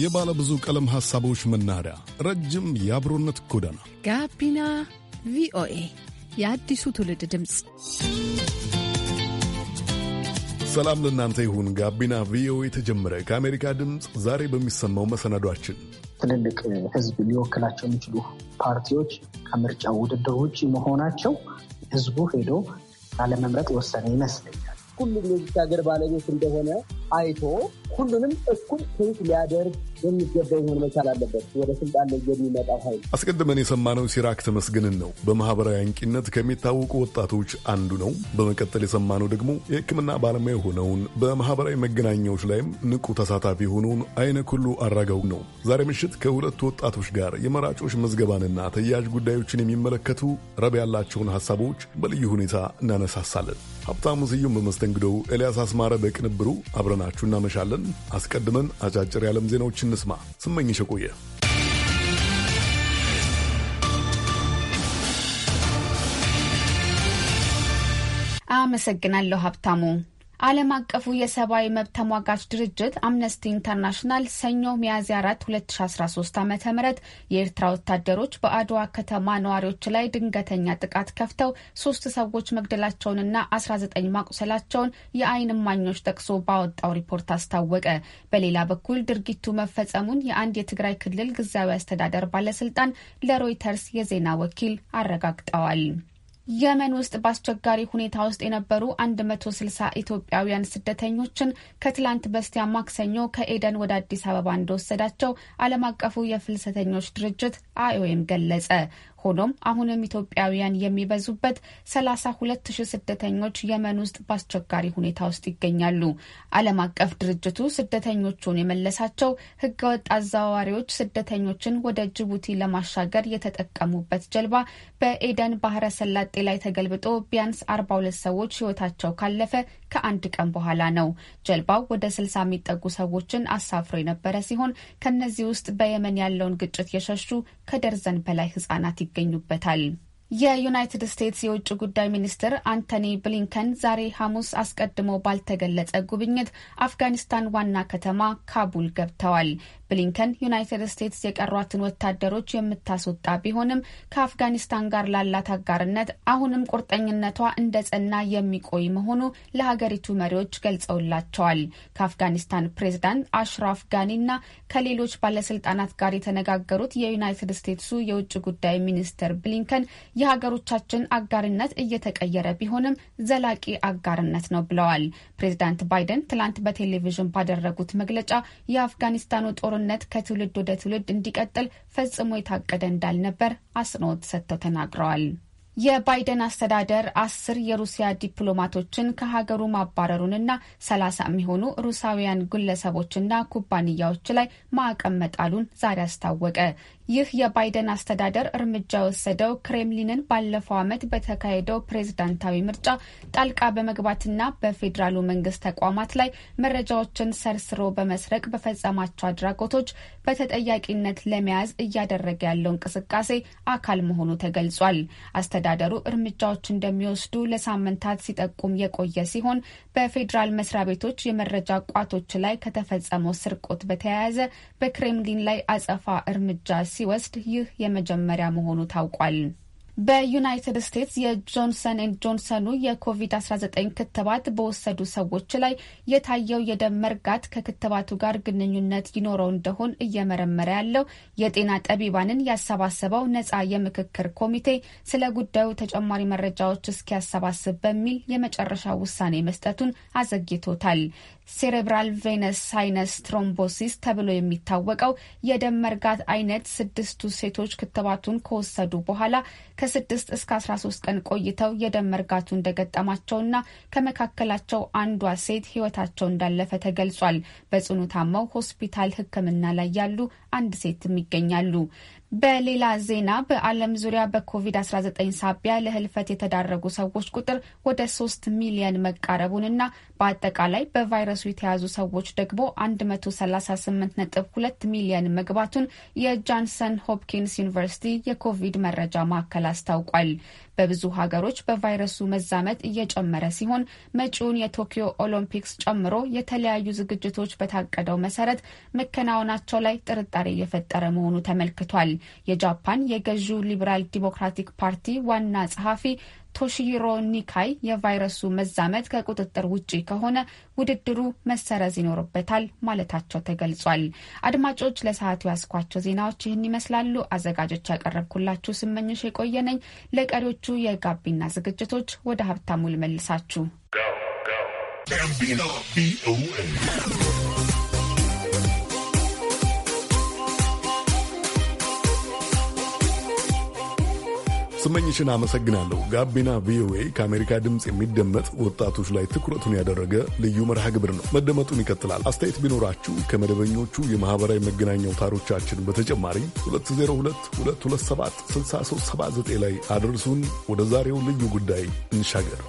የባለ ብዙ ቀለም ሐሳቦች መናኸሪያ፣ ረጅም የአብሮነት ጎዳና ጋቢና ቪኦኤ የአዲሱ ትውልድ ድምፅ። ሰላም ለእናንተ ይሁን። ጋቢና ቪኦኤ ተጀመረ። ከአሜሪካ ድምፅ ዛሬ በሚሰማው መሰናዷችን ትልልቅ ህዝብ ሊወክላቸው የሚችሉ ፓርቲዎች ከምርጫ ውድድር ውጭ መሆናቸው ህዝቡ ሄዶ አለመምረጥ የወሰነ ይመስለኛል። ሁሉም የዚች ሀገር ባለቤት እንደሆነ አይቶ ሁሉንም እኩል ሴት ሊያደርግ የሚገባ ይሆን መቻል አለበት። ወደ ስልጣን ላይ የሚመጣው ኃይል አስቀድመን የሰማነው ሲራክ ተመስገንን ነው። በማህበራዊ አንቂነት ከሚታወቁ ወጣቶች አንዱ ነው። በመቀጠል የሰማነው ደግሞ የሕክምና ባለሙያ የሆነውን በማህበራዊ መገናኛዎች ላይም ንቁ ተሳታፊ የሆነውን አይነ ሁሉ አራጋው ነው። ዛሬ ምሽት ከሁለቱ ወጣቶች ጋር የመራጮች መዝገባንና ተያያዥ ጉዳዮችን የሚመለከቱ ረብ ያላቸውን ሀሳቦች በልዩ ሁኔታ እናነሳሳለን። ሀብታሙ ስዩም በመስተ መስተንግዶው ኤልያስ አስማረ በቅንብሩ አብረናችሁ እናመሻለን። አስቀድመን አጫጭር የዓለም ዜናዎች እንስማ። ስመኝሽ ቆየ አመሰግናለሁ ሀብታሙ። ዓለም አቀፉ የሰብአዊ መብት ተሟጋች ድርጅት አምነስቲ ኢንተርናሽናል ሰኞ ሚያዝያ 4 2013 ዓ ም የኤርትራ ወታደሮች በአድዋ ከተማ ነዋሪዎች ላይ ድንገተኛ ጥቃት ከፍተው ሶስት ሰዎች መግደላቸውንና 19 ማቁሰላቸውን የአይን እማኞች ጠቅሶ ባወጣው ሪፖርት አስታወቀ። በሌላ በኩል ድርጊቱ መፈጸሙን የአንድ የትግራይ ክልል ጊዜያዊ አስተዳደር ባለስልጣን ለሮይተርስ የዜና ወኪል አረጋግጠዋል። የመን ውስጥ በአስቸጋሪ ሁኔታ ውስጥ የነበሩ 160 ኢትዮጵያውያን ስደተኞችን ከትላንት በስቲያ ማክሰኞ ከኤደን ወደ አዲስ አበባ እንደወሰዳቸው ዓለም አቀፉ የፍልሰተኞች ድርጅት አይኦኤም ገለጸ። ሆኖም አሁንም ኢትዮጵያውያን የሚበዙበት 32 ሁለት ሺህ ስደተኞች የመን ውስጥ በአስቸጋሪ ሁኔታ ውስጥ ይገኛሉ። ዓለም አቀፍ ድርጅቱ ስደተኞቹን የመለሳቸው ህገወጥ አዘዋዋሪዎች ስደተኞችን ወደ ጅቡቲ ለማሻገር የተጠቀሙበት ጀልባ በኤደን ባህረ ሰላጤ ላይ ተገልብጦ ቢያንስ 42 ሰዎች ህይወታቸው ካለፈ ከአንድ ቀን በኋላ ነው። ጀልባው ወደ 60 የሚጠጉ ሰዎችን አሳፍሮ የነበረ ሲሆን ከነዚህ ውስጥ በየመን ያለውን ግጭት የሸሹ ከደርዘን በላይ ህጻናት ይገኙበታል። የዩናይትድ ስቴትስ የውጭ ጉዳይ ሚኒስትር አንቶኒ ብሊንከን ዛሬ ሐሙስ አስቀድሞ ባልተገለጸ ጉብኝት አፍጋኒስታን ዋና ከተማ ካቡል ገብተዋል። ብሊንከን ዩናይትድ ስቴትስ የቀሯትን ወታደሮች የምታስወጣ ቢሆንም ከአፍጋኒስታን ጋር ላላት አጋርነት አሁንም ቁርጠኝነቷ እንደ ጸና የሚቆይ መሆኑ ለሀገሪቱ መሪዎች ገልጸውላቸዋል። ከአፍጋኒስታን ፕሬዝዳንት አሽራፍ ጋኒና ከሌሎች ባለስልጣናት ጋር የተነጋገሩት የዩናይትድ ስቴትሱ የውጭ ጉዳይ ሚኒስትር ብሊንከን የሀገሮቻችን አጋርነት እየተቀየረ ቢሆንም ዘላቂ አጋርነት ነው ብለዋል። ፕሬዝዳንት ባይደን ትላንት በቴሌቪዥን ባደረጉት መግለጫ የአፍጋኒስታኑ ጦር አብሮነት ከትውልድ ወደ ትውልድ እንዲቀጥል ፈጽሞ የታቀደ እንዳልነበር አጽንኦት ሰጥተው ተናግረዋል። የባይደን አስተዳደር አስር የሩሲያ ዲፕሎማቶችን ከሀገሩ ማባረሩንና ሰላሳ የሚሆኑ ሩሳውያን ግለሰቦችና ኩባንያዎች ላይ ማዕቀብ መጣሉን ዛሬ አስታወቀ። ይህ የባይደን አስተዳደር እርምጃ የወሰደው ክሬምሊንን ባለፈው ዓመት በተካሄደው ፕሬዝዳንታዊ ምርጫ ጣልቃ በመግባትና በፌዴራሉ መንግስት ተቋማት ላይ መረጃዎችን ሰርስሮ በመስረቅ በፈጸማቸው አድራጎቶች በተጠያቂነት ለመያዝ እያደረገ ያለው እንቅስቃሴ አካል መሆኑ ተገልጿል። አስተዳደሩ እርምጃዎች እንደሚወስዱ ለሳምንታት ሲጠቁም የቆየ ሲሆን በፌዴራል መስሪያ ቤቶች የመረጃ ቋቶች ላይ ከተፈጸመው ስርቆት በተያያዘ በክሬምሊን ላይ አጸፋ እርምጃ ሲወስድ ይህ የመጀመሪያ መሆኑ ታውቋል። በዩናይትድ ስቴትስ የጆንሰን ኤንድ ጆንሰኑ የኮቪድ-19 ክትባት በወሰዱ ሰዎች ላይ የታየው የደም መርጋት ከክትባቱ ጋር ግንኙነት ይኖረው እንደሆን እየመረመረ ያለው የጤና ጠቢባንን ያሰባሰበው ነጻ የምክክር ኮሚቴ ስለ ጉዳዩ ተጨማሪ መረጃዎች እስኪያሰባስብ በሚል የመጨረሻ ውሳኔ መስጠቱን አዘግይቶታል። ሴሬብራል ቬነስ ሳይነስ ትሮምቦሲስ ተብሎ የሚታወቀው የደም መርጋት አይነት ስድስቱ ሴቶች ክትባቱን ከወሰዱ በኋላ ከስድስት እስከ አስራ ሶስት ቀን ቆይተው የደም መርጋቱ እንደገጠማቸውና ከመካከላቸው አንዷ ሴት ህይወታቸው እንዳለፈ ተገልጿል። በጽኑ ታመው ሆስፒታል ሕክምና ላይ ያሉ አንድ ሴትም ይገኛሉ። በሌላ ዜና በዓለም ዙሪያ በኮቪድ-19 ሳቢያ ለህልፈት የተዳረጉ ሰዎች ቁጥር ወደ ሶስት ሚሊየን መቃረቡንና በአጠቃላይ በቫይረስ በቫይረሱ የተያዙ ሰዎች ደግሞ 138.2 ሚሊየን መግባቱን የጃንሰን ሆፕኪንስ ዩኒቨርሲቲ የኮቪድ መረጃ ማዕከል አስታውቋል። በብዙ ሀገሮች በቫይረሱ መዛመት እየጨመረ ሲሆን መጪውን የቶኪዮ ኦሎምፒክስ ጨምሮ የተለያዩ ዝግጅቶች በታቀደው መሰረት መከናወናቸው ላይ ጥርጣሬ እየፈጠረ መሆኑ ተመልክቷል። የጃፓን የገዢው ሊበራል ዲሞክራቲክ ፓርቲ ዋና ጸሐፊ ቶሺሂሮ ኒካይ የቫይረሱ መዛመት ከቁጥጥር ውጪ ከሆነ ውድድሩ መሰረዝ ይኖርበታል ማለታቸው ተገልጿል። አድማጮች ለሰዓቱ ያስኳቸው ዜናዎች ይህን ይመስላሉ። አዘጋጆች ያቀረብኩላችሁ ስመኞች የቆየነኝ። ለቀሪዎቹ የጋቢና ዝግጅቶች ወደ ሀብታሙ ልመልሳችሁ። ስመኝሽን አመሰግናለሁ። ጋቢና ቪኦኤ ከአሜሪካ ድምፅ የሚደመጥ ወጣቶች ላይ ትኩረቱን ያደረገ ልዩ መርሃ ግብር ነው። መደመጡን ይቀጥላል። አስተያየት ቢኖራችሁ ከመደበኞቹ የማህበራዊ መገናኛ አውታሮቻችን በተጨማሪ 2022276379 ላይ አድርሱን። ወደ ዛሬው ልዩ ጉዳይ እንሻገር።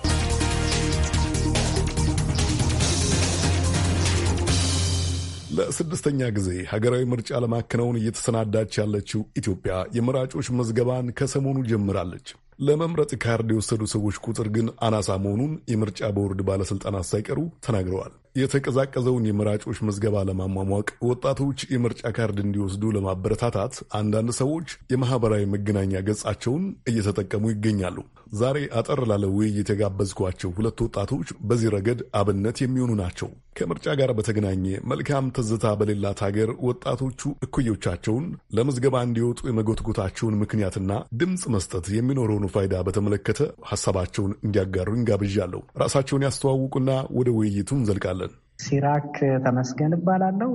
ለስድስተኛ ጊዜ ሀገራዊ ምርጫ ለማከናወን እየተሰናዳች ያለችው ኢትዮጵያ የመራጮች መዝገባን ከሰሞኑ ጀምራለች። ለመምረጥ ካርድ የወሰዱ ሰዎች ቁጥር ግን አናሳ መሆኑን የምርጫ ቦርድ ባለሥልጣናት ሳይቀሩ ተናግረዋል። የተቀዛቀዘውን የመራጮች መዝገባ ለማሟሟቅ ወጣቶች የምርጫ ካርድ እንዲወስዱ ለማበረታታት አንዳንድ ሰዎች የማህበራዊ መገናኛ ገጻቸውን እየተጠቀሙ ይገኛሉ። ዛሬ አጠር ላለ ውይይት የጋበዝኳቸው ሁለት ወጣቶች በዚህ ረገድ አብነት የሚሆኑ ናቸው። ከምርጫ ጋር በተገናኘ መልካም ትዝታ በሌላት ሀገር ወጣቶቹ እኩዮቻቸውን ለምዝገባ እንዲወጡ የመጎትጎታቸውን ምክንያትና ድምፅ መስጠት የሚኖረውን ፋይዳ በተመለከተ ሀሳባቸውን እንዲያጋሩ እንጋብዣለሁ። ራሳቸውን ያስተዋውቁና ወደ ውይይቱ እንዘልቃለን። ሲራክ ተመስገን እባላለሁ።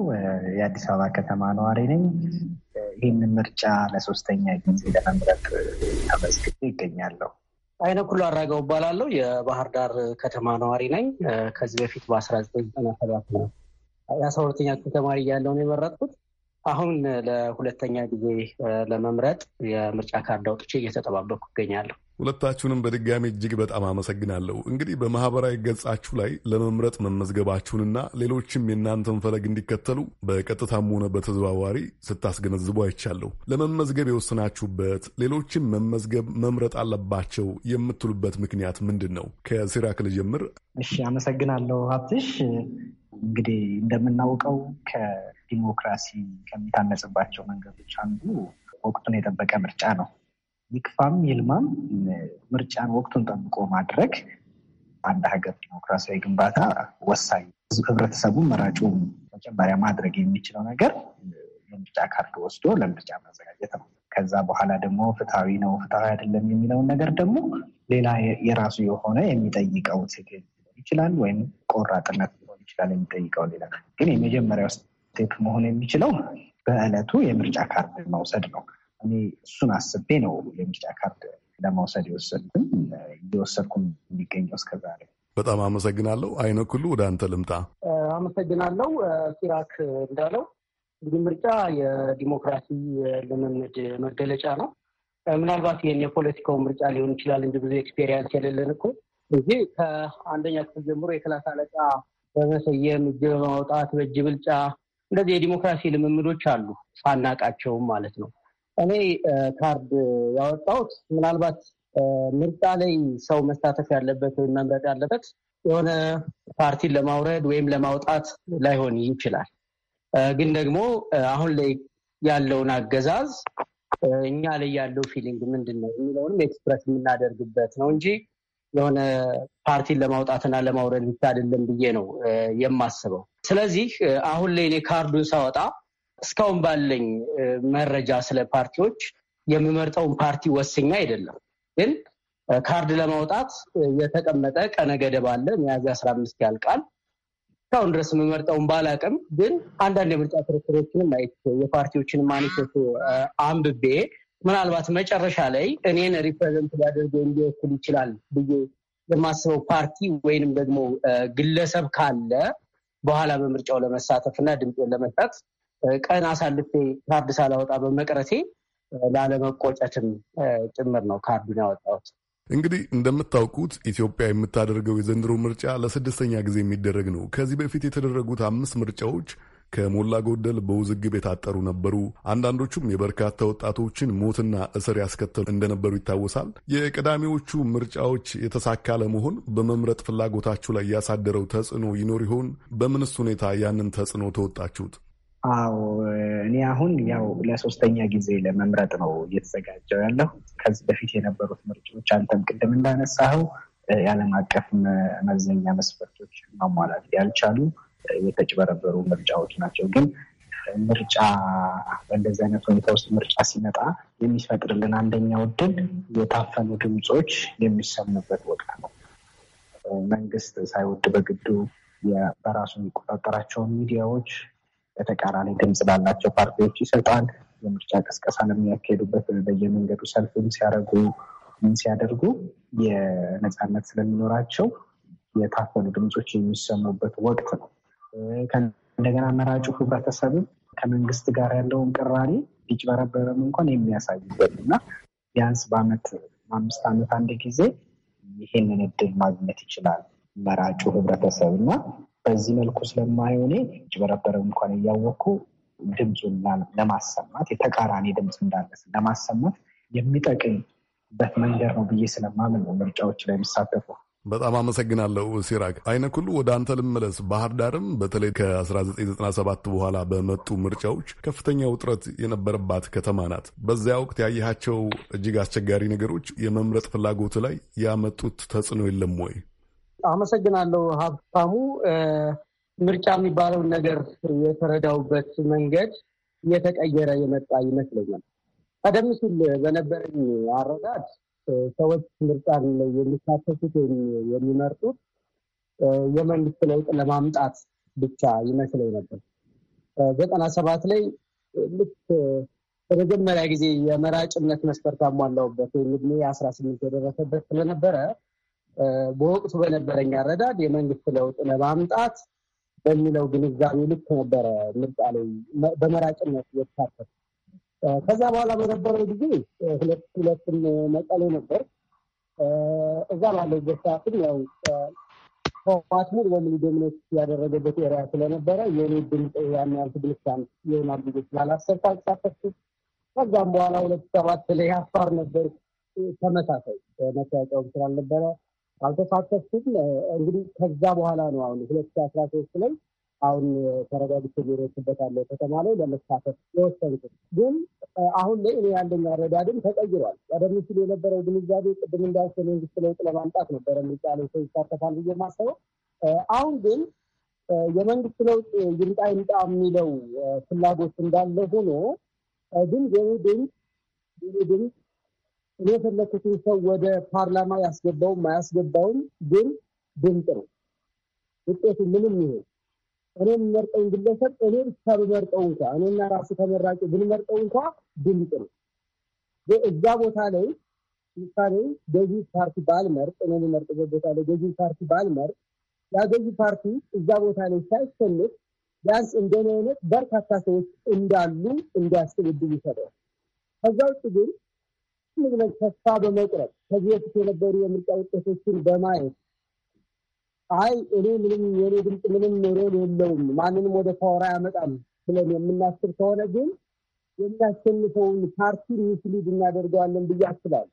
የአዲስ አበባ ከተማ ነዋሪ ነኝ። ይህን ምርጫ ለሶስተኛ ጊዜ ለመምረጥ ተመዝግቤ ይገኛለሁ። አይነ ኩሉ አድራገው እባላለሁ። የባህር ዳር ከተማ ነዋሪ ነኝ። ከዚህ በፊት በ1997 ነው የአስራ ሁለተኛ ክፍል ተማሪ እያለሁ ነው የመረጥኩት። አሁን ለሁለተኛ ጊዜ ለመምረጥ የምርጫ ካርድ አውጥቼ እየተጠባበቅኩ ይገኛለሁ። ሁለታችሁንም በድጋሚ እጅግ በጣም አመሰግናለሁ። እንግዲህ በማህበራዊ ገጻችሁ ላይ ለመምረጥ መመዝገባችሁንና ሌሎችም የእናንተን ፈለግ እንዲከተሉ በቀጥታም ሆነ በተዘዋዋሪ ስታስገነዝቡ አይቻለሁ። ለመመዝገብ የወሰናችሁበት ሌሎችም መመዝገብ መምረጥ አለባቸው የምትሉበት ምክንያት ምንድን ነው? ከሲራክ ልጀምር። እሺ፣ አመሰግናለሁ ሀብትሽ። እንግዲህ እንደምናውቀው ከዲሞክራሲ ከሚታነጽባቸው መንገዶች አንዱ ወቅቱን የጠበቀ ምርጫ ነው። ይክፋም ይልማም ምርጫን ወቅቱን ጠብቆ ማድረግ አንድ ሀገር ዲሞክራሲያዊ ግንባታ ወሳኝ ህብረተሰቡ መራጩ መጀመሪያ ማድረግ የሚችለው ነገር የምርጫ ካርድ ወስዶ ለምርጫ መዘጋጀት ነው። ከዛ በኋላ ደግሞ ፍትሐዊ ነው ፍትሐዊ አይደለም የሚለውን ነገር ደግሞ ሌላ የራሱ የሆነ የሚጠይቀው ትግል ሊሆን ይችላል፣ ወይም ቆራጥነት ሊሆን ይችላል የሚጠይቀው ሌላ። ግን የመጀመሪያው ስቴፕ መሆን የሚችለው በእለቱ የምርጫ ካርድ መውሰድ ነው። እኔ እሱን አስቤ ነው የቢጫ ካርድ ለመውሰድ የወሰድኩትም እየወሰድኩም የሚገኘው እስከዛ ላይ። በጣም አመሰግናለሁ። አይነኩሉ ሁሉ ወደ አንተ ልምጣ። አመሰግናለሁ ሲራክ እንዳለው እንግዲህ ምርጫ የዲሞክራሲ ልምምድ መገለጫ ነው። ምናልባት ይህን የፖለቲካው ምርጫ ሊሆን ይችላል እንጂ ብዙ ኤክስፔሪንስ የሌለን እኮ እዚህ ከአንደኛ ክፍል ጀምሮ የክላስ አለቃ በመሰየም እጅ በማውጣት በእጅ ብልጫ እንደዚህ የዲሞክራሲ ልምምዶች አሉ ሳናቃቸውም ማለት ነው። እኔ ካርድ ያወጣሁት ምናልባት ምርጫ ላይ ሰው መሳተፍ ያለበት ወይም መምረጥ ያለበት የሆነ ፓርቲን ለማውረድ ወይም ለማውጣት ላይሆን ይችላል። ግን ደግሞ አሁን ላይ ያለውን አገዛዝ እኛ ላይ ያለው ፊሊንግ ምንድን ነው የሚለውንም ኤክስፕረስ የምናደርግበት ነው እንጂ የሆነ ፓርቲን ለማውጣትና ለማውረድ ብቻ አይደለም ብዬ ነው የማስበው። ስለዚህ አሁን ላይ እኔ ካርዱን ሳወጣ እስካሁን ባለኝ መረጃ ስለ ፓርቲዎች የምመርጠውን ፓርቲ ወስኛ አይደለም ግን ካርድ ለማውጣት የተቀመጠ ቀነ ገደብ አለ። ሚያዝያ አስራ አምስት ያልቃል። እስካሁን ድረስ የምመርጠውን ባላቅም ግን አንዳንድ የምርጫ ክርክሮችንም አይቼ የፓርቲዎችን ማኒፌስቶ አንብቤ ምናልባት መጨረሻ ላይ እኔን ሪፕሬዘንት ሊያደርገ እንዲወክል ይችላል ብዬ የማስበው ፓርቲ ወይንም ደግሞ ግለሰብ ካለ በኋላ በምርጫው ለመሳተፍ እና ድምጤን ለመስጠት ቀን አሳልፌ ካርድ ሳላወጣ በመቅረቴ ላለመቆጨትም ጭምር ነው ካርዱን ያወጣሁት። እንግዲህ እንደምታውቁት ኢትዮጵያ የምታደርገው የዘንድሮ ምርጫ ለስድስተኛ ጊዜ የሚደረግ ነው። ከዚህ በፊት የተደረጉት አምስት ምርጫዎች ከሞላ ጎደል በውዝግብ የታጠሩ ነበሩ። አንዳንዶቹም የበርካታ ወጣቶችን ሞትና እስር ያስከተሉ እንደነበሩ ይታወሳል። የቀዳሚዎቹ ምርጫዎች የተሳካ ለመሆን በመምረጥ ፍላጎታችሁ ላይ ያሳደረው ተጽዕኖ ይኖር ይሆን? በምንስ ሁኔታ ያንን ተጽዕኖ ተወጣችሁት? አዎ እኔ አሁን ያው ለሶስተኛ ጊዜ ለመምረጥ ነው እየተዘጋጀው ያለው። ከዚህ በፊት የነበሩት ምርጫዎች አንተም ቅድም እንዳነሳኸው የዓለም አቀፍ መዘኛ መስፈርቶች ማሟላት ያልቻሉ የተጭበረበሩ ምርጫዎች ናቸው። ግን ምርጫ በእንደዚህ አይነት ሁኔታ ውስጥ ምርጫ ሲመጣ የሚፈጥርልን አንደኛው እድል የታፈኑ ድምፆች የሚሰሙበት ወቅት ነው። መንግስት ሳይወድ በግዱ በራሱ የሚቆጣጠራቸውን ሚዲያዎች በተቃራኒ ድምፅ ላላቸው ፓርቲዎች ይሰጣል። የምርጫ ቅስቀሳ ለሚያካሄዱበት በየመንገዱ ሰልፍም ሲያደርጉ ሲያደርጉ የነፃነት ስለሚኖራቸው የታፈኑ ድምፆች የሚሰሙበት ወቅት ነው። እንደገና መራጩ ህብረተሰብም ከመንግስት ጋር ያለውን ቅራኔ ቢጭበረበረም እንኳን የሚያሳይበት እና ቢያንስ በአመት አምስት ዓመት አንድ ጊዜ ይህንን እድል ማግኘት ይችላል መራጩ ህብረተሰብ እና በዚህ መልኩ ስለማየው እኔ እንኳን እያወቅኩ ድምፁን ለማሰማት የተቃራኒ ድምፅ እንዳለ ለማሰማት የሚጠቅምበት መንገድ ነው ብዬ ስለማምን ነው ምርጫዎች ላይ የሚሳተፉ። በጣም አመሰግናለሁ ሲራክ አይነ ወደ አንተ ልመለስ። ባህር ዳርም በተለይ ከ1997 በኋላ በመጡ ምርጫዎች ከፍተኛ ውጥረት የነበረባት ከተማ ናት። በዚያ ወቅት ያየሃቸው እጅግ አስቸጋሪ ነገሮች የመምረጥ ፍላጎት ላይ ያመጡት ተጽዕኖ የለም ወይ? አመሰግናለሁ ሀብታሙ። ምርጫ የሚባለውን ነገር የተረዳውበት መንገድ እየተቀየረ የመጣ ይመስለኛል። ቀደም ሲል በነበረኝ አረዳድ ሰዎች ምርጫን ላይ የሚሳተፉት ወይም የሚመርጡት የመንግስት ለውጥ ለማምጣት ብቻ ይመስለኝ ነበር። ዘጠና ሰባት ላይ ልክ በመጀመሪያ ጊዜ የመራጭነት መስፈርት አሟላውበት ወይም ዕድሜ አስራ ስምንት የደረሰበት ስለነበረ በወቅቱ በነበረኝ አረዳድ የመንግስት ለውጥ ለማምጣት በሚለው ግንዛቤ ልክ ነበረ ምርጫ ላይ በመራጭነት የተሳተፍ። ከዛ በኋላ በነበረው ጊዜ ሁለት ሁለትም መቀሌ ነበር። እዛ ባለበት ሰዓትም ያው ህወሓት ሙሉ በሙሉ ዶሚኔት ያደረገበት ኤሪያ ስለነበረ የኔ ድምፅ ያን ያህል ትግልቻን ይሆናል ብዬ ስላላሰብኩ አልተሳተፍኩም። ከዛም በኋላ ሁለት ሰባት ላይ አፋር ነበር። ተመሳሳይ መታወቂያውም ስላልነበረ አልተሳተፍኩም። እንግዲህ ከዛ በኋላ ነው አሁን ሁለት ሺ አስራ ሶስት ላይ አሁን ተረጋግቼ ሊሮችበታለሁ ከተማ ላይ ለመሳተፍ የወሰንኩት ግን አሁን ላይ እኔ ያለኝ አረዳድም ተቀይሯል። ቀደም ሲል የነበረው ግንዛቤ ቅድም እንዳልኩ መንግስት ለውጥ ለማምጣት ነበረ የሚባለው ሰው ይሳተፋል ብዬ ማሰበው አሁን ግን የመንግስት ለውጥ ይምጣ ይምጣ የሚለው ፍላጎት እንዳለ ሆኖ ግን የኔ ድምፅ የኔ ድምፅ እኔ የፈለኩትን ሰው ወደ ፓርላማ ያስገባውም አያስገባውም፣ ግን ድምፅ ነው ውጤቱ ምንም ይሁን እኔ የምመርጠውን ግለሰብ እኔ ብቻ ብመርጠው እንኳ እኔና ራሱ ተመራጭ ብንመርጠው እንኳ ድምፅ ነው። እዛ ቦታ ላይ ምሳሌ ገዢ ፓርቲ ባልመርጥ እኔ የምመርጥበት ቦታ ላይ ገዢ ፓርቲ ባልመርጥ ያ ገዢ ፓርቲ እዛ ቦታ ላይ ሳይሸንፍ ቢያንስ እንደኔ አይነት በርካታ ሰዎች እንዳሉ እንዲያስብ ዕድል ይሰጠዋል። ከዛ ውጭ ግን ብለን ተስፋ በመቁረጥ ከዚህ በፊት የነበሩ የምርጫ ውጤቶችን በማየት አይ እኔ ምንም የኔ ድምፅ ምንም ሮል የለውም ማንንም ወደ ፓወራ ያመጣም ብለን የምናስብ ከሆነ ግን የሚያሸንፈውን ፓርቲ ሚስሊድ እናደርገዋለን ብዬ አስባለሁ።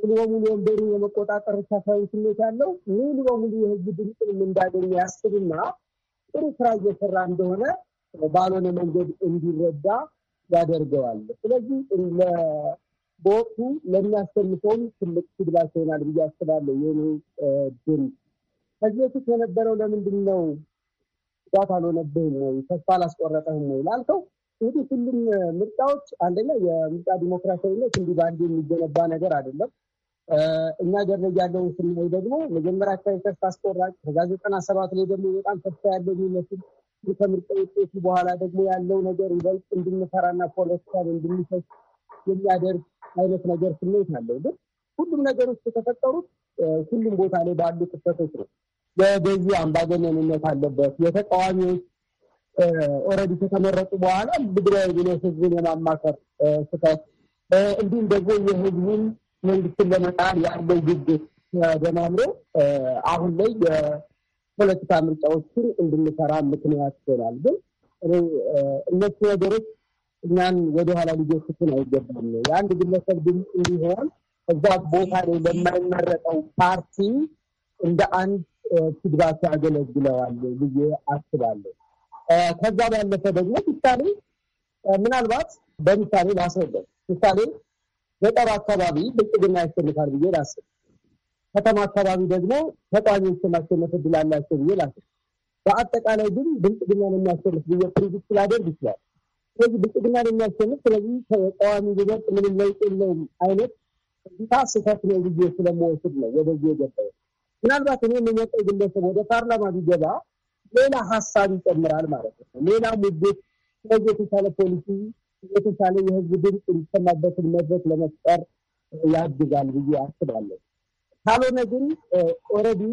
ሙሉ በሙሉ ወንበሩ የመቆጣጠር ተሳዊ ስሜት ያለው ሙሉ በሙሉ የህዝብ ድምፅንም እንዳገኘ ያስብና ጥሩ ስራ እየሰራ እንደሆነ ባልሆነ መንገድ እንዲረዳ ያደርገዋል። ስለዚህ በወቅቱ ለሚያሸንፈውም ትልቅ ትግላቸው ይሆናል ብዬ አስባለሁ። የኔ ድምፅ ከዚህ በፊት የነበረው ለምንድን ነው ጉዳት አልሆነብህም ወይ ተስፋ አላስቆረጠህም ወይ ላልከው፣ እንግዲህ ሁሉም ምርጫዎች አንደኛ የምርጫ ዲሞክራሲያዊነት እንዲህ በአንድ የሚገነባ ነገር አይደለም። እኛ ገር ላይ ያለውን ስናይ ደግሞ መጀመሪያ አካባቢ ተስፋ አስቆራጭ፣ ከዛ ዘጠና ሰባት ላይ ደግሞ በጣም ተስፋ ያለው የሚመስል ከምርጫ ውጤቱ በኋላ ደግሞ ያለው ነገር ይበልጥ እንድንሰራና ፖለቲካን እንድንሰስ የሚያደርግ አይነት ነገር ስሜት አለው። ግን ሁሉም ነገሮች የተፈጠሩት ሁሉም ቦታ ላይ ባሉ ክፍተቶች ነው። የገዢ አምባገነንነት አለበት። የተቃዋሚዎች ኦልሬዲ ከተመረጡ በኋላ ትግራይ ብሎ ህዝብን የማማከር ስህተት፣ እንዲሁም ደግሞ የህዝቡን መንግስትን ለመጣል ያለው ግግት በማምሮ አሁን ላይ የፖለቲካ ምርጫዎችን እንድንሰራ ምክንያት ይሆናል። ግን እነሱ ነገሮች እኛን ወደኋላ ሊገስሱን አይገባም። የአንድ ግለሰብ ድምፅ እንዲሆን እዛ ቦታ ላይ ለማይመረጠው ፓርቲ እንደ አንድ ትግባት ያገለግለዋል ብዬ አስባለሁ። ከዛ ባለፈ ደግሞ ምሳሌ ምናልባት በምሳሌ ላስረዳው ምሳሌ ገጠር አካባቢ ብልጽግና ያሸንፋል ብዬ ላስብ፣ ከተማ አካባቢ ደግሞ ተቃዋሚዎች ማሸነፍ እድል አላቸው ብዬ ላስብ። በአጠቃላይ ግን ብልጽግና የሚያሸንፍ ብዬ ፕሪዲክት ላደርግ ይችላል። ስለዚህ ብልጽግና የሚያሸንፍ ስለዚህ ተቃዋሚ ሊበጥ ምንም ለውጥ የለውም አይነት እዚታ ስህተት ነው ብዬ ስለመወስድ ነው ወደዚህ የገባው። ምናልባት እኔ የሚመጣው ግለሰብ ወደ ፓርላማ ቢገባ ሌላ ሀሳብ ይጨምራል ማለት ነው። ሌላ ሙግት፣ ስለዚህ የተሻለ ፖሊሲ፣ የተሻለ የህዝብ ድምፅ የሚሰማበትን መድረክ ለመፍጠር ያግዛል ብዬ አስባለሁ። ካልሆነ ግን ኦልሬዲ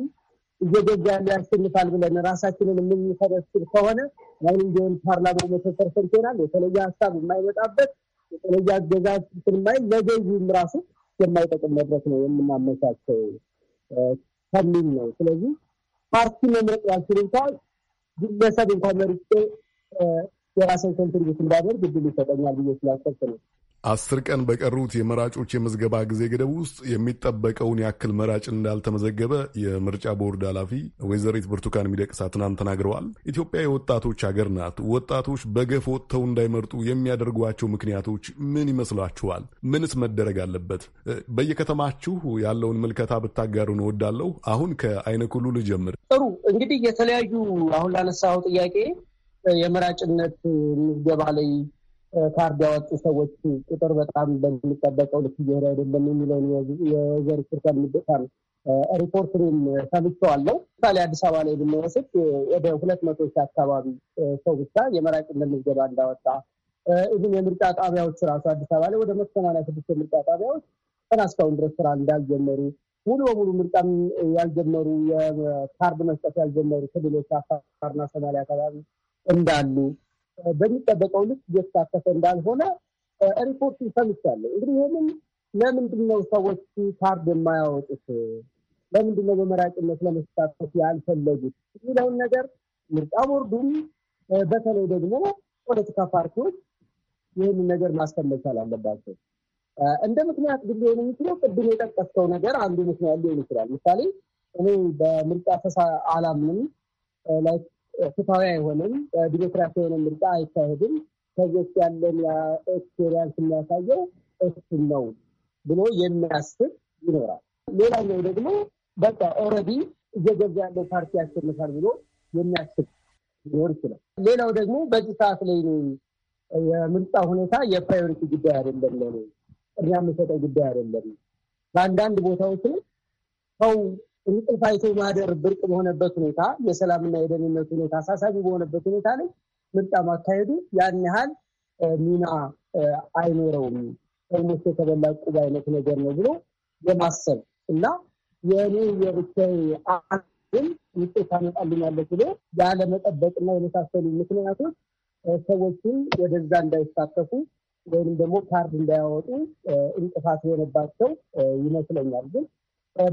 እየገዛ ያሸንፋል ብለን ራሳችንን የምንሰበስብ ከሆነ አሁን እንዲሆን ፓርላማ መቶ ፐርሰንት ይሆናል። የተለየ ሀሳብ የማይመጣበት የተለየ አገዛዝ ስንማይ ለገዥም ራሱ የማይጠቅም መድረክ ነው የምናመቻቸው ከሚል ነው። ስለዚህ ፓርቲ መምረጥ ያልችል እንኳን ግለሰብ እንኳን መርጬ የራሴን ኮንትሪቢት እንዳደርግ እድል ይሰጠኛል ብዬ ስላሰብኩ ነው። አስር ቀን በቀሩት የመራጮች የምዝገባ ጊዜ ገደብ ውስጥ የሚጠበቀውን ያክል መራጭ እንዳልተመዘገበ የምርጫ ቦርድ ኃላፊ ወይዘሪት ብርቱካን ሚደቅሳ ትናንት ተናግረዋል። ኢትዮጵያ የወጣቶች ሀገር ናት። ወጣቶች በገፍ ወጥተው እንዳይመርጡ የሚያደርጓቸው ምክንያቶች ምን ይመስላችኋል? ምንስ መደረግ አለበት? በየከተማችሁ ያለውን ምልከታ ብታጋሩ እንወዳለሁ። አሁን ከአይነኩሉ ልጀምር። ጥሩ እንግዲህ የተለያዩ አሁን ላነሳው ጥያቄ የመራጭነት ምዝገባ ላይ ካርድ ያወጡ ሰዎች ቁጥር በጣም በሚጠበቀው ልክ እየሄደ አይደለም የሚለውን የዘር ክርከል በጣም ሪፖርትን ሰምቼዋለሁ። ምሳሌ አዲስ አበባ ላይ ብንወስድ ወደ ሁለት መቶ ሺህ አካባቢ ሰው ብቻ የመራጭነት ምዝገባ እንዳወጣ ኢቭን የምርጫ ጣቢያዎች ራሱ አዲስ አበባ ላይ ወደ መቶ ሰማንያ ስድስት የምርጫ ጣቢያዎች ቀን እስካሁን ድረስ ስራ እንዳልጀመሩ ሙሉ በሙሉ ምርጫም ያልጀመሩ የካርድ መስጠት ያልጀመሩ ክልሎች አፋርና ሶማሊያ አካባቢ እንዳሉ በሚጠበቀው ልክ እየተሳተፈ እንዳልሆነ ሪፖርት ሰምቻለሁ። እንግዲህ ይህንን ለምንድን ነው ሰዎች ካርድ የማያወጡት? ለምንድን ነው በመራጭነት ለመሳተፍ ያልፈለጉት የሚለውን ነገር ምርጫ ቦርዱም በተለይ ደግሞ ፖለቲካ ፓርቲዎች ይህንን ነገር ማስፈለግ አለባቸው። እንደ ምክንያት ግን ሊሆን የሚችለው ቅድም የጠቀስከው ነገር አንዱ ምክንያት ሊሆን ይችላል። ምሳሌ እኔ በምርጫ ፈሳ አላምንም፣ ፍትሐዊ አይሆንም፣ ዲሞክራሲ የሆነ ምርጫ አይካሄድም፣ ከዚህ ውስጥ ያለን ኤክስፔሪንስ የሚያሳየው እሱን ነው ብሎ የሚያስብ ይኖራል። ሌላኛው ደግሞ በቃ ኦልሬዲ እየገዛ ያለው ፓርቲ ያሸንፋል ብሎ የሚያስብ ሊኖር ይችላል። ሌላው ደግሞ በዚህ ሰዓት ላይ የምርጫ ሁኔታ የፕራዮሪቲ ጉዳይ አይደለም፣ ለኔ እኛ የምሰጠው ጉዳይ አይደለም። በአንዳንድ ቦታዎች ላይ ሰው እንቅልፍ አይቶ ማደር ብርቅ በሆነበት ሁኔታ፣ የሰላምና የደህንነት ሁኔታ አሳሳቢ በሆነበት ሁኔታ ላይ ምርጫ ማካሄዱ ያን ያህል ሚና አይኖረውም ሰውነት የተበላ ቁብ አይነት ነገር ነው ብሎ የማሰብ እና የእኔ የብቻዬ ግን ውጤት አመጣልኛለሁ ብሎ ያለመጠበቅና የመሳሰሉ ምክንያቶች ሰዎችን ወደዛ እንዳይሳተፉ ወይም ደግሞ ካርድ እንዳያወጡ እንቅፋት የሆነባቸው ይመስለኛል ግን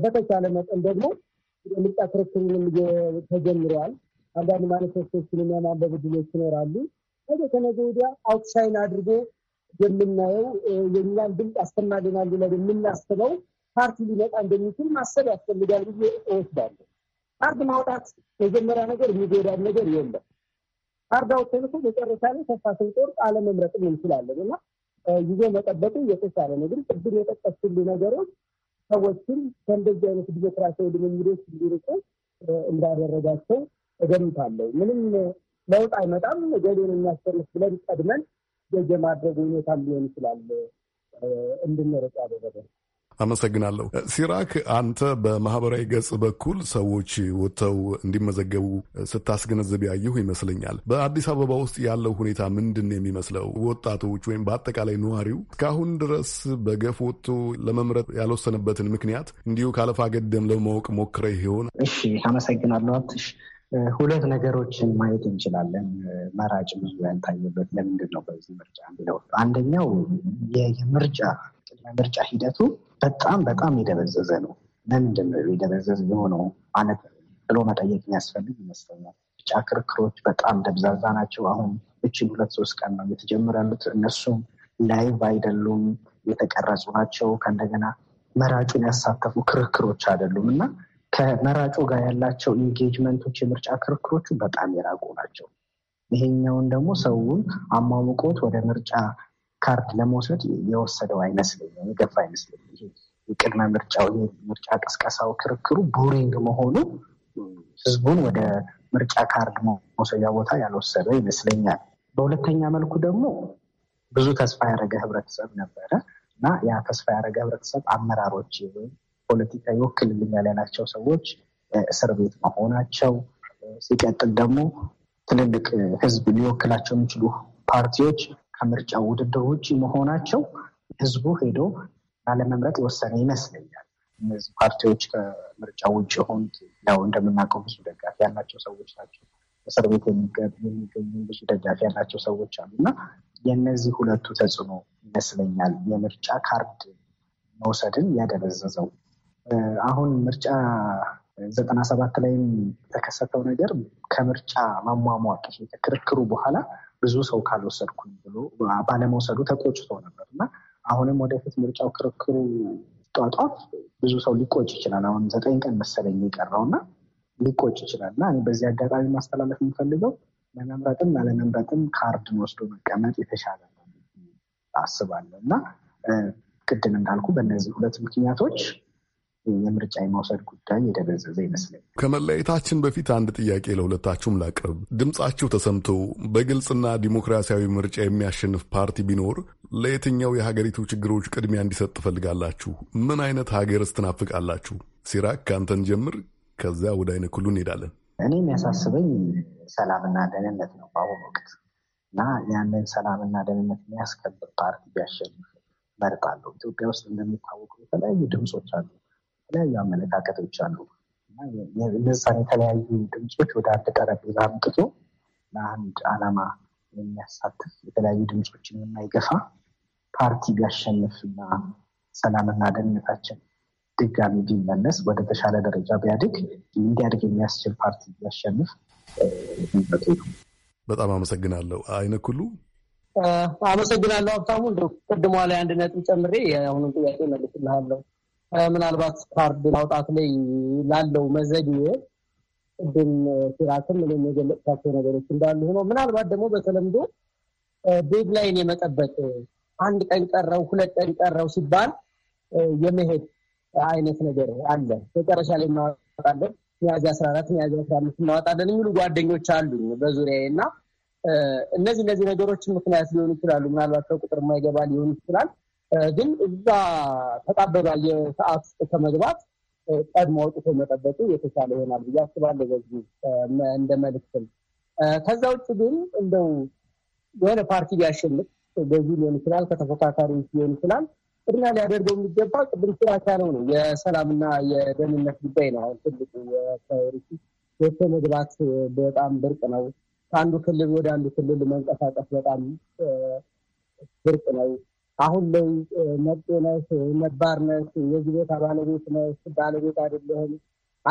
በተቻለ መጠን ደግሞ ምርጫ ክርክሩንም ተጀምረዋል። አንዳንድ ማኒፌስቶችን የሚያማንበብ ድሎች ይኖራሉ። ነገ ከነገ ወዲያ አውትሳይን አድርጎ የምናየው የኛን ድምፅ አስተናግናል ብለን የምናስበው ፓርቲ ሊመጣ እንደሚችል ማሰብ ያስፈልጋል ብዬ እወስዳለሁ። ካርድ ማውጣት መጀመሪያ ነገር የሚጎዳን ነገር የለም። ካርድ አውጥተን እኮ መጨረሻ ላይ ተስፋ ስንቆርጥ አለመምረጥም እንችላለን እና ይዞ መጠበቁ የተሻለ ነው። ግን ቅድም የጠቀስኩልህ ነገሮች ሰዎችም ከእንደዚህ አይነት ዲሞክራሲያዊ ልምምዶች እንዲርቁ እንዳደረጋቸው እገምታለሁ። ምንም ለውጥ አይመጣም ገሌን የሚያስፈልግ ብለን ቀድመን ገጀ የማድረግ ሁኔታም ሊሆን ይችላል እንድንርቅ ያደረገ አመሰግናለሁ። ሲራክ፣ አንተ በማህበራዊ ገጽ በኩል ሰዎች ወጥተው እንዲመዘገቡ ስታስገነዘብ ያየሁ ይመስለኛል። በአዲስ አበባ ውስጥ ያለው ሁኔታ ምንድን ነው የሚመስለው? ወጣቶች ወይም በአጠቃላይ ነዋሪው እስካሁን ድረስ በገፍ ወጥቶ ለመምረጥ ያልወሰነበትን ምክንያት እንዲሁ ካለፋ ገደም ለማወቅ ሞክረ ይሆን? እሺ፣ አመሰግናለሁ አትሽ ሁለት ነገሮችን ማየት እንችላለን። መራጭ ብዙ ያልታየበት ለምንድን ነው በዚህ ምርጫ የሚለው አንደኛው የምርጫ ቅድመ ምርጫ ሂደቱ በጣም በጣም የደበዘዘ ነው። ለምንድን ነው የደበዘዘ የሆነው አነት ብሎ መጠየቅ የሚያስፈልግ ይመስለኛል። ብቻ ክርክሮች በጣም ደብዛዛ ናቸው። አሁን እችን ሁለት ሶስት ቀን ነው እየተጀመሩ ያሉት። እነሱም ላይቭ አይደሉም፣ የተቀረጹ ናቸው። ከእንደገና መራጩን ያሳተፉ ክርክሮች አይደሉም እና ከመራጩ ጋር ያላቸው ኢንጌጅመንቶች የምርጫ ክርክሮቹ በጣም የራቁ ናቸው። ይሄኛውን ደግሞ ሰውን አሟሙቆት ወደ ምርጫ ካርድ ለመውሰድ የወሰደው አይመስለኝም፣ የገፋ አይመስለኝም። ይሄ የቅድመ ምርጫው ምርጫ ቅስቀሳው ክርክሩ ቦሪንግ መሆኑ ህዝቡን ወደ ምርጫ ካርድ መውሰጃ ቦታ ያልወሰደው ይመስለኛል። በሁለተኛ መልኩ ደግሞ ብዙ ተስፋ ያደረገ ህብረተሰብ ነበረ እና ያ ተስፋ ያደረገ ህብረተሰብ አመራሮች ወይም ፖለቲካ ይወክልልኛል ያላቸው ሰዎች እስር ቤት መሆናቸው፣ ሲቀጥል ደግሞ ትልልቅ ህዝብ ሊወክላቸው የሚችሉ ፓርቲዎች ከምርጫ ውድድር ውጭ መሆናቸው ህዝቡ ሄዶ ላለመምረጥ የወሰነ ይመስለኛል። እነዚህ ፓርቲዎች ከምርጫ ውጭ የሆኑት ያው እንደምናውቀው ብዙ ደጋፊ ያላቸው ሰዎች ናቸው። እስር ቤት የሚገኙ ብዙ ደጋፊ ያላቸው ሰዎች አሉ እና የእነዚህ ሁለቱ ተጽዕኖ ይመስለኛል የምርጫ ካርድ መውሰድን ያደበዘዘው። አሁን ምርጫ ዘጠና ሰባት ላይም የተከሰተው ነገር ከምርጫ ማሟሟቅ ክርክሩ በኋላ ብዙ ሰው ካልወሰድኩኝ ብሎ ባለመውሰዱ ተቆጭቶ ነበር እና አሁንም ወደፊት ምርጫው ክርክሩ ጧጧፍ ብዙ ሰው ሊቆጭ ይችላል። አሁን ዘጠኝ ቀን መሰለኝ የቀረው እና ሊቆጭ ይችላል እና በዚህ አጋጣሚ ማስተላለፍ የምፈልገው ለመምረጥም ላለመምረጥም ካርድን ወስዶ መቀመጥ የተሻለ አስባለሁ እና ቅድም እንዳልኩ በእነዚህ ሁለት ምክንያቶች የምርጫ የመውሰድ ጉዳይ የደበዘዘ ይመስለኛል። ከመለያየታችን በፊት አንድ ጥያቄ ለሁለታችሁም ላቅርብ። ድምጻችሁ ተሰምቶ በግልጽና ዲሞክራሲያዊ ምርጫ የሚያሸንፍ ፓርቲ ቢኖር ለየትኛው የሀገሪቱ ችግሮች ቅድሚያ እንዲሰጥ ትፈልጋላችሁ? ምን አይነት ሀገርስ ትናፍቃላችሁ? ሲራክ ከአንተን ጀምር፣ ከዚያ ወደ አይነ ኩሉ እንሄዳለን። እኔ የሚያሳስበኝ ሰላምና ደህንነት ነው በአሁኑ ወቅት እና ያንን ሰላምና ደህንነት የሚያስከብር ፓርቲ ቢያሸንፍ መርጣለሁ። ኢትዮጵያ ውስጥ እንደሚታወቁ የተለያዩ ድምፆች አሉ የተለያዩ አመለካከቶች አሉ። እነዛን የተለያዩ ድምጾች ወደ አንድ ጠረጴዛ አምጥቶ ለአንድ አላማ የሚያሳትፍ የተለያዩ ድምጾችን የማይገፋ ፓርቲ ቢያሸንፍና ሰላምና ደህንነታችን ድጋሚ ቢመለስ ወደ ተሻለ ደረጃ ቢያድግ እንዲያድግ የሚያስችል ፓርቲ ቢያሸንፍ ሚመጡ ነው። በጣም አመሰግናለሁ። ሁሉ አመሰግናለሁ ሀብታሙ። እንደው ቅድሟ ላይ አንድ ነጥብ ጨምሬ የአሁኑን ጥያቄ መልስልሃለሁ። ምናልባት ካርድ ማውጣት ላይ ላለው መዘዴ ቅድም ሲራክም እኔም የገለጽኳቸው ነገሮች እንዳሉ ሆኖ ምናልባት ደግሞ በተለምዶ ላይን የመጠበቅ አንድ ቀን ቀረው፣ ሁለት ቀን ቀረው ሲባል የመሄድ አይነት ነገር አለ። መጨረሻ ላይ እናወጣለን፣ ሚያዝያ አስራ አራት ሚያዝያ አስራ አምስት እናወጣለን የሚሉ ጓደኞች አሉኝ በዙሪያዬ እና እነዚህ እነዚህ ነገሮችን ምክንያት ሊሆኑ ይችላሉ። ምናልባት ሰው ቁጥር የማይገባ ሊሆን ይችላል። ግን እዛ ተጣበባ የሰዓት ከመግባት ቀድሞ አውጥቶ መጠበቁ የተሻለ ይሆናል ብዬ አስባለሁ። በዚህ እንደ መልክትም ከዛ ውጭ ግን እንደው የሆነ ፓርቲ ቢያሸንፍ ገዢ ሊሆን ይችላል፣ ከተፎካካሪ ሊሆን ይችላል። ቅድሚያ ሊያደርገው የሚገባ ቅድም ስራቻ ነው ነው የሰላምና የደህንነት ጉዳይ ነው። አሁን ትልቁ የፕራዮሪቲ ወጥቶ መግባት በጣም ብርቅ ነው። ከአንዱ ክልል ወደ አንዱ ክልል መንቀሳቀስ በጣም ብርቅ ነው። አሁን ላይ መጤ ነህ፣ ነባር ነህ፣ የዚህ ቦታ ባለቤት ነህ፣ ባለቤት አይደለህም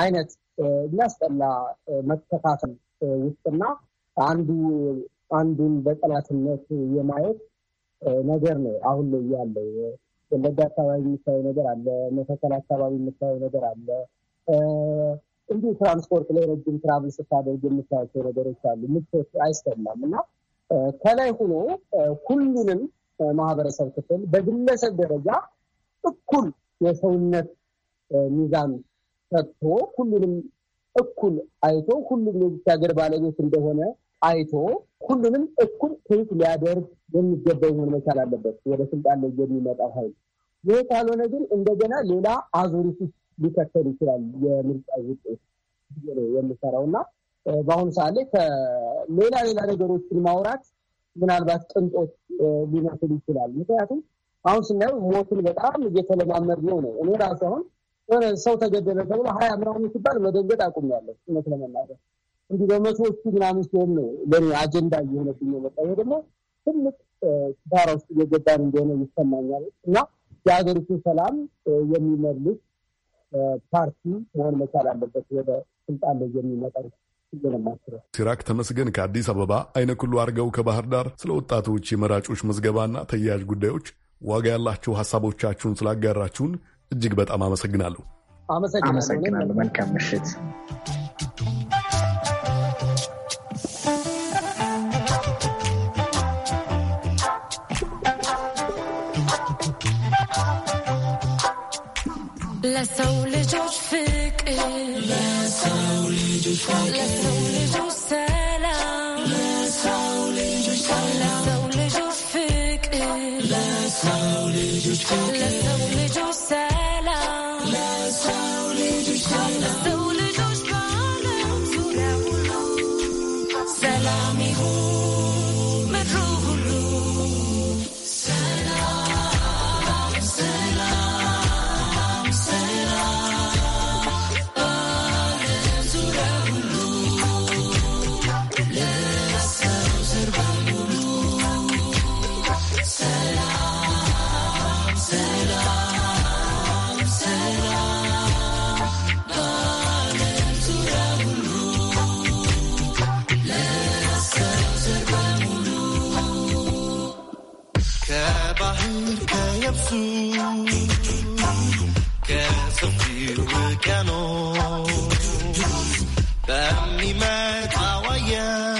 አይነት የሚያስጠላ መከፋፈል ውስጥና አንዱ አንዱን በጠላትነት የማየት ነገር ነው አሁን ላይ ያለው። ወለጋ አካባቢ የምታየው ነገር አለ። መተከል አካባቢ የምታየው ነገር አለ። እንዲሁ ትራንስፖርት ላይ ረጅም ትራቭል ስታደርግ የምታያቸው ነገሮች አሉ። ምቾት አይሰማም እና ከላይ ሆኖ ሁሉንም ማህበረሰብ ክፍል በግለሰብ ደረጃ እኩል የሰውነት ሚዛን ሰጥቶ ሁሉንም እኩል አይቶ ሁሉም የዚች ሀገር ባለቤት እንደሆነ አይቶ ሁሉንም እኩል ትሪት ሊያደርግ የሚገባ መሆን መቻል አለበት ወደ ስልጣን ላይ የሚመጣው ኃይል። ይህ ካልሆነ ግን እንደገና ሌላ አዙሪት ሊከተል ይችላል የምርጫ ውጤት የምሰራው እና በአሁኑ ሰዓት ላይ ከሌላ ሌላ ነገሮችን ማውራት ምናልባት ቅንጦት ሊመስል ይችላል። ምክንያቱም አሁን ስናየው ሞትን በጣም እየተለማመድ ነው ነው እኔ ራሱ አሁን የሆነ ሰው ተገደለ ተብሎ ሀያ ምናምን ሲባል መደንገጥ አቁሜያለሁ። እውነት ለመናገር እንዲህ በመቶዎቹ ምናምን ሲሆን ነው ለእኔ አጀንዳ እየሆነብኝ የመጣ ይሄ ደግሞ ትልቅ ኪሳራ ውስጥ እየገባን እንደሆነ ይሰማኛል እና የሀገሪቱ ሰላም የሚመልስ ፓርቲ መሆን መቻል አለበት ወደ ስልጣን ላይ የሚመጣ ሲራክ ተመስገን ከአዲስ አበባ፣ ኩሉ አርገው ከባህር ዳር ስለ ወጣቶች የመራጮች መዝገባና ተያያዥ ጉዳዮች ዋጋ ያላቸው ሀሳቦቻችሁን ስላጋራችሁን እጅግ በጣም አመሰግናለሁ። አመሰግናለሁ። መልካም ምሽት። ለሰው ልጆች ፍቅር La I'm Yeah.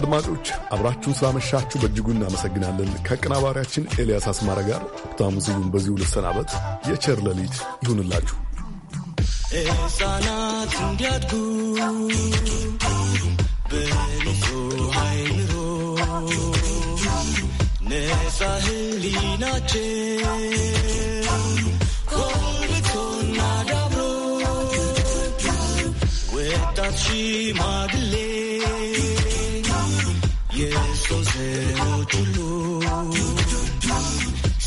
አድማጮች አብራችሁን ስላመሻችሁ በእጅጉ እናመሰግናለን። ከአቀናባሪያችን ኤልያስ አስማረ ጋር ሀብታሙ ስዩም በዚሁ ልሰናበት። የቸር ሌሊት ይሁንላችሁ። ሕፃናት እንዲያድጉ በንጹህ አይምሮ ነፃ ሕሊናችን ኮልቶና ዳብሮ ወጣት ሽማግሌ ዜጎች ሁሉ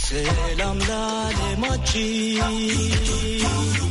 ሰላም ላለማችን